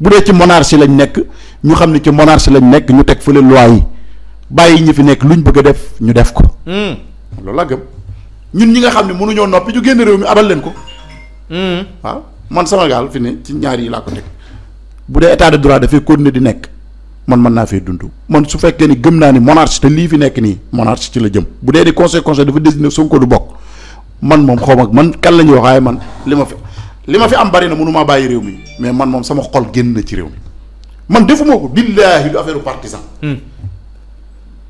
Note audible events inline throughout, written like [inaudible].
bu dee ci monarchie lañ nekk ñu xam ne ci monarchie lañ nekk ñu teg fële loi yi bàyyi ñu fi nekk lu ñu bëgg a def ñu def ko. Hmm. loolu laa gëm ñun ñi nga xam ne mënuñoo noppi ñu génn réew mi abal leen ko. waaw hmm. ah, man sama gaal fi ne ci ñaar yi laa ko teg bu dee état de droit dafay continuer di nekk man mën naa fee dund man su fekkee ni gëm naa ni monarchie te lii fi nekk nii monarchie ci la jëm bu dee ni conseil conseil dafa désigné ko du bokk man moom xaw ma man kan la ñuy wax waaye man li ma li ma fi am bari na mënu maa bàyyi réew mi mais man moom sama xol génn na ci réew mi man defuma ko billaahi du affaire partisan. Hmm.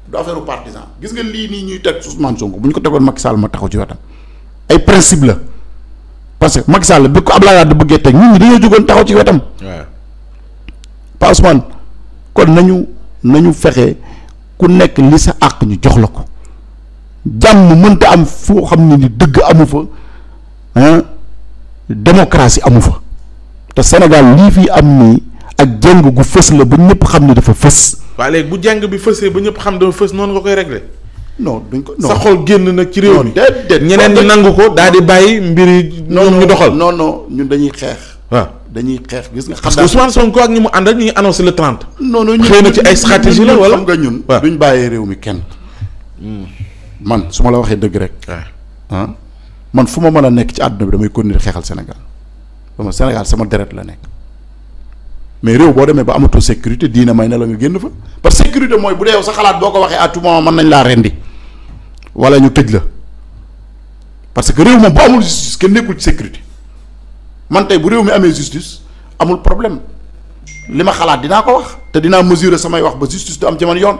du affaire partisan gis nga lii nii ñuy teg Ousmane Sonko bu ko tegoon Macky Sall ma taxaw ci wetam ay principe la parce que Macky Sall bi ko Abdoulaye bëggee teg ñun ñi dañoo jógoon taxaw ci wetam. waaw kon nañu nañu fexe ku nekk li sa àq ñu jox la ko jàmm mënta am foo xam ne ni dëgg amu fa démocratie amu fa te Sénégal lii fi am nii ak jeng gu fës la ba ñëpp xam ne dafa fës. waaw léegi bu jàng bi fësee ba ñëpp xam dafa fës noonu nga koy régler. non duñ ko non génn nag ci réew mi déedéet ñeneen ñi ko daal di bàyyi mbir yi. nga ñu doxal non non ñun dañuy xeex. waaw dañuy xeex gis nga. xam naa Ousmane Sonko ak ñi mu ànd ñu ñi ngi annoncé le 30. non non ci ay stratégie la wala xam nga ñun. duñ bàyyee réew mi kenn. Hmm. man su la waxee dëgg rek. Ah. man fu ma mën a nekk ci àdduna bi damay continuer xeexal Sénégal sama Sénégal sama deret la nekk mais réew boo demee ba amatoo sécurité diina may na la nga génn fa parce que sécurité mooy bu dee yow boo ko waxee à tout moment mën nañ laa wala ñu tëj la parce que réew moom bu amul justice kenn nekkul ci sécurité man tey bu réew mi amee justice amul problème li ma xalaat dinaa ko wax te dinaa mesurer samay wax ba justice du am ci man yoon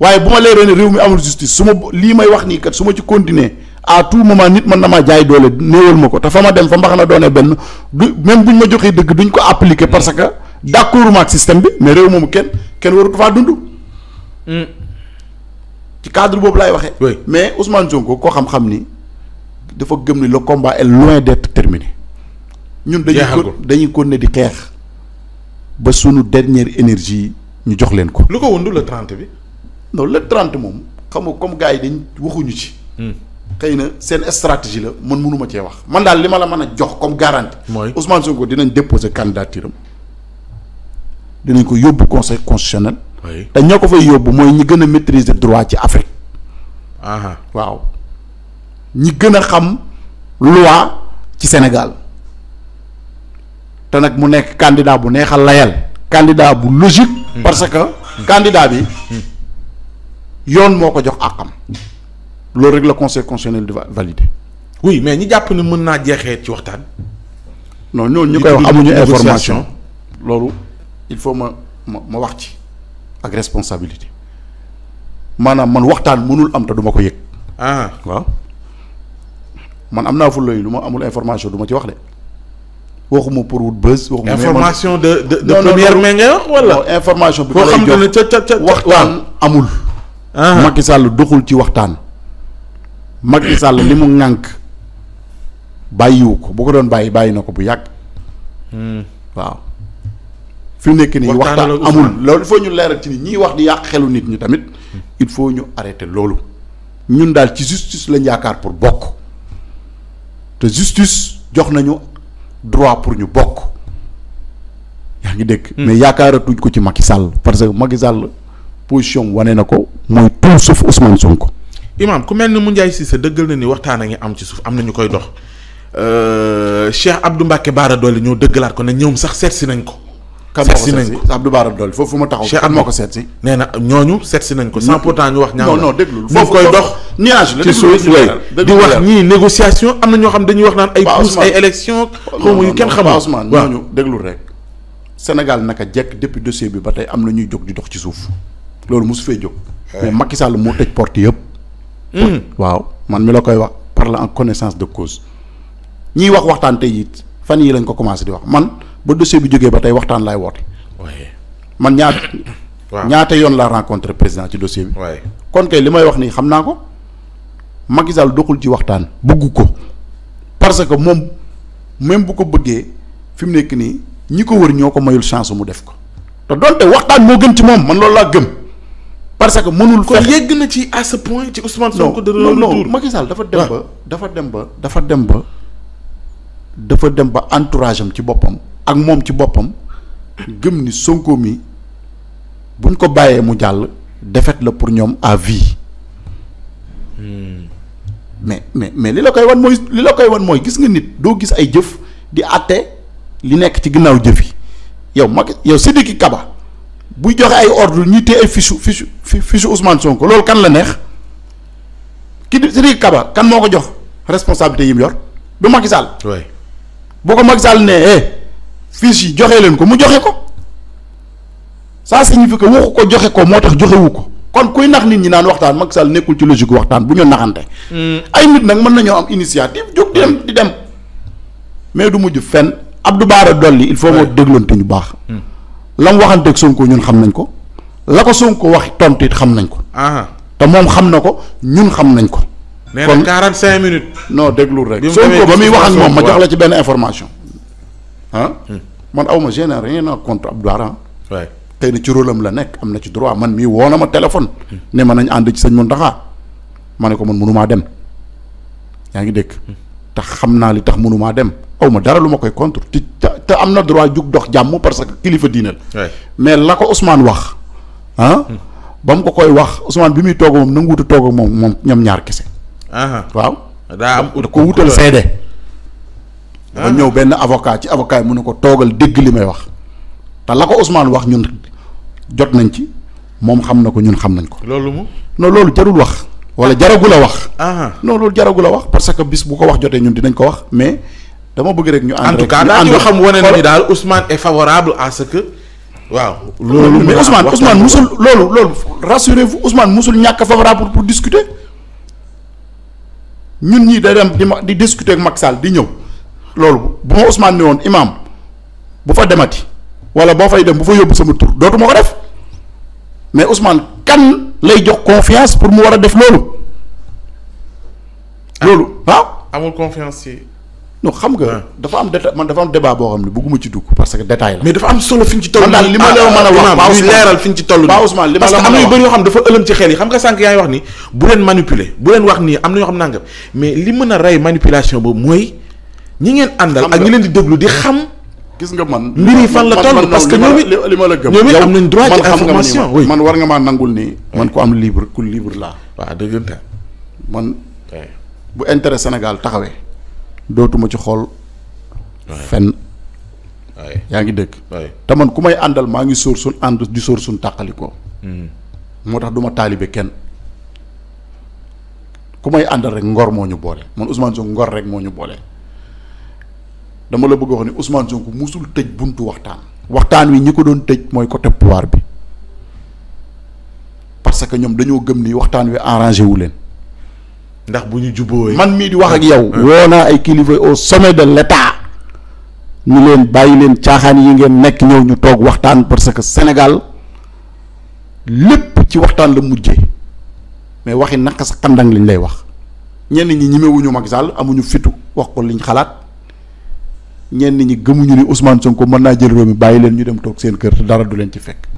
waaye bu ma leeree ne réew mi amul justice su ma lii may wax nii kat su ma ci continuer à tout moment nit mën na ma jaay doole néewal ma ko te fa ma dem fa mbax na doonee benn du même buñ ma joxee dëgg duñ ko appliquer mm. parce que d'accord ma ak système bi mais réew moom kenn kenn waratu faa dund. Mm. ci cadre boobu laay waxee. mais Ousmane Sonko koo xam-xam ni dafa gëm ni la combat est loin d'être terminé. ñun dañuy ko dañuy ko ne di xeex ba sunu dernière énergie ñu jox leen ko. lu ko wëndu le 30 bi. non le trente moom xam nga comme gars yi dañ waxuñu ci. Mm. xëy na seen stratégie la man mënuma cee wax man daal li ma la mën a jox comme garantie. mooy Ousmane Sonko dinañ déposer candidature am dinañ ko yóbbu conseil constitutionnel. te ñoo ko fay yóbbu mooy ñi gën a maîtriser droit ci Afrique. Ah. waaw ñi gën a xam loi ci Sénégal te nag mu nekk candidat bu neexal layal. candidat bu logique. Hmm. parce que candidat bi hmm. yoon moo ko jox àqam. loolu rek la conseil constitutionnel di valider. oui mais ñi jàpp ne mën naa jeexee ci waxtaan. non ñooñu ñu koy wax amuñu information loolu il faut ma ma ma wax ci ak responsabilité maanaam man waxtaan mënul am ta duma ko yëg. ah man am naa fulla lu ma amul information du ma ci wax de waxuma pour wut buzz. waxuma information de de de première main ngay wax wala. information bi ko lay jox waxtaan amul. Ah. Macky Sall doxul ci waxtaan. Macky Sall li mu ŋànk bàyyiwu ko bu ko doon bàyyi bàyyi na ko bu yàgg. Hmm. waaw. fi mu nekk nii waxtaan amul loolu il faut ñu leeral ci ni ñiy wax di yàq xelu nit ñi tamit il faut ñu arrêter loolu ñun daal ci justice lañ yaakaar pour bokk te justice jox nañu droit pour ñu bokk yaa ngi dégg. Hmm. mais yaakaaratuñ ko ci Macky Sall parce que Macky Sall position wane na ko mooy tout sauf son ko imaam ku mel ni mu Ndiaye Cissé dëggal na ni waxtaan a ngi am ci suuf am na ñu koy dox euh, Cheikh Abdou Mbacke Baara Dolli ñoo dëggalaat ko ne ñoom sax seet si nañ ko. seet si nañ ko Abdou Baara Dolli foofu ma taxaw. Cheikh moo ko seet si. nee na ñooñu seet si nañ ko. sans pourtant wax ñaar non non déglul foofu koy dox. nuage la ci suuf di am na ñoo xam dañuy wax naan ay. pousse ay élection xaw ma yu kenn xamul. waaw Ousmane ñooñu déglul rek. Sénégal naka jekk depuis dossier bi ba tey am na ñuy jóg di dox ci suuf loolu mosu fee jóg eh. mais Macky Sall moo tëj porte yëpp Hmm. waaw man mi la koy wax parle en connaissance de cause ñiy wax waxtaan tey it fan yii lañ ko commencé di wax man ba dossier bi jógee ba tey waxtaan laay woote. man ñaat [coughs] ñaata yoon laa rencontré président ci dossier bi. kon kay li may wax nii xam naa ko Macky Sall doxul ci waxtaan bëgg ko parce que moom même bu ko bëggee fi mu nekk nii ñi ko wër ñoo ko mayul chance mu def ko te donte waxtaan moo gën ci moom man loolu laa gëm. parce que mënul ko kon na ci à point ci Ousmane Sonko. de non non Macky Sall dafa dem ba. dafa dem ba dafa dem ba dafa dem ba entourage am ci boppam ak moom ci boppam gëm ni Sonko mi buñ ko bàyyee mu jàll défaite la pour ñoom à vie. Hmm. mais mais mais li la koy wan mooy li la koy wan mooy gis nga nit doo gis ay jëf di àtte li nekk ci ginnaaw jëf yi yow Macky yow Sidiki Kaba. buy joxe ay ordre ñuy téye ay fichu fichu fichu Ousmane Sonko loolu kan la neex ki di Sidiki Kaba kan moo ko jox responsabilité yi yor du Macky Sall. boo ko Macky Sall ne eh fiche yi joxe leen ko mu joxe ko saa si que waxu ko joxe ko moo tax joxewu ko kon kuy nax nit ñi naan waxtaan Macky nekkul ci logique waxtaan bu ñu naxante. Hmm. ay nit nag mën nañoo am initiative jóg di dem di dem mais du mujj fenn Abdou Bara Dolly il faut moo dégloonte ñu baax. Hmm. la mu waxanteeg Sonko ñun xam nañ ko la ko Sonko wax tontu xam nañ ko. te moom xam na ko ñun xam nañ ko. nee na 45 minutes. non déglul rek Sonko ba muy wax ak moom ma jox la ci benn information. ah man aw ma gêné rien à contre ab dara. waay xëy ci rôle am la nekk am na ci droit man mii woo na ma téléphone. Hmm. ne ma nañ ànd ci sëñ Mountakha ma ne ko man mënumaa dem yaa ngi dégg. Hmm. tax xam naa li tax mënumaa dem aw ma dara lu ma koy contre ti te am na droit jug dox jàmm parce que kilifa diine la mais la ko Ousmane wax ah hmm. ba mu ko koy wax Ousmane bi muy toog moom nanguwut a toog moom moom ñoom ñaar kese. Ah. waaw. daa ko wutal ah. seede. Ah. ñëw benn avocat ci avocat yi mu ne ko toogal dégg li may wax te la ko Ousmane wax ñun jot nañ ci moom xam na ko ñun xam nañ ko. loolu mu non loolu jarul wax. wala jaragul a wax. non loolu jaragul a wax parce que bis bu ko wax jotee ñun dinañ ko wax mais. dama bëgg rek ñu ànd. en tout xam wane na ni daal Ousmane est favorable à ce que. waaw loolu mais Ousmane Ousmane musul loolu loolu rassurez-vous Ousmane musul ñàkk favorable pour discuter ñun ñii da dem di ma di discuter ak Macky di ñëw loolu bu ma Ousmane ne woon imam bu fa demati wala boo fay dem bu fa yóbbu sama tur dootuma ko def mais Ousmane kan lay jox confiance pour mu war a def loolu. Ah. loolu waaw. Ah? amul no xam nga dafa am déta man dafa am débat boo xam ne bëgguma ci dugg parce que détail la mais dafa am solo fi ñu ci toll man li ma ah, la mën a wax ñuy leeral fi ñu ci toll ba Ousmane ni bu leen manipuler bu leen wax nii boobu mooy ñi ngeen àndal ak leen di déglu di xam gis nga man mbir yi fan la toll parce que ñoom it li ma la gëm ñoom it am nañ droit ci information oui man war nga nii man ko am libre ku libre laa waaw dëggantaan man bu intérêt Sénégal taxawee dootuma ci xool fenn yaa ngi dëkk te man ku may àndal maa ngi sóor suñ ànd di sóor suñ tàqalikoo hmm. moo tax duma ma taalibe kenn ku may àndal rek ngor moo ñu boole man Ousmane Sonko ngor rek moo ñu boole dama la bëgg wax ni Ousmane Sonko musul tëj buntu waxtaan waxtaan wi ñi ko doon tëj mooy côté pouvoir bi parce que ñoom dañoo gëm ni waxtaan wi arrangé wu leen ndax bu ñu jubóoyee man mii di wax ak ah. yow. Ah. woo naa ay kilifa au sommet de l' état. ñu leen bàyyi leen caaxaan yi ngeen nekk ñëw ñu toog waxtaan parce que senegal lépp ci waxtaan la mujjee mais waxi naka sa xandang liñ lay wax. ñenn ñi ñemewuñu Macky Sall amuñu fitu wax ko liñ xalaat ñenn ñi gëmuñu ni Ousmane Sonko mën naa jël réew mi bàyyi leen ñu dem toog seen kër te dara du leen ci fekk.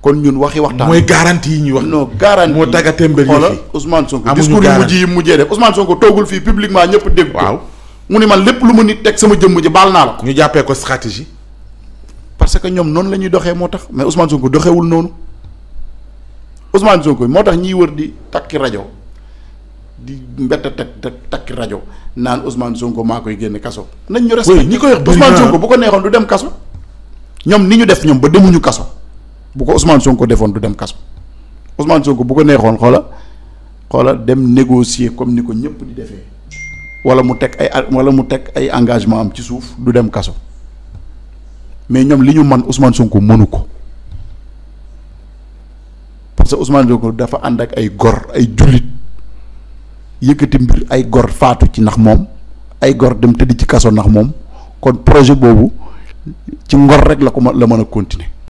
kon ñun waxi waxtaan. mooy garantie yi ñuy wax. non garantie moo tàggatémbel yi xoolal Ousmane Sonko. amuñu discours yu mujj yi mujjee def Ousmane Sonko toogul fii publiquement ñëpp dégg ko. waaw mu ni man lépp lu ma nit teg sama jëmm ji baal naa la ko. ñu jàppee ko stratégie. parce que ñoom noonu la ñuy doxee moo tax mais Ousmane Sonko doxewul noonu Ousmane moo tax ñiy wër di takki rajo di mbett tak takki rajo naan Ousmane Sonko maa koy génn kaso. nañ ñu respecté ñi koy wax Ousmane Sonko bu ko neexoon du dem kaso. ñoom ni ñu def ñoom ba demuñu kaso. bu ko Ousmane Sonko defoon du dem kaso Ousmane Sonko bu ko neexoon xoola xoola dem négocier comme ni ko ñëpp di defee wala mu teg ay wala mu teg ay engagement am ci suuf du dem kaso mais ñoom li ñu man Ousmane Sonko mënu ko parce que Ousmane Sonko dafa ànd ak ay gor ay jullit yëkkati mbir ay gor faatu ci ndax moom ay gor dem tëddi ci kaso ndax moom kon projet boobu ci ngor rek la ko la mën a continuer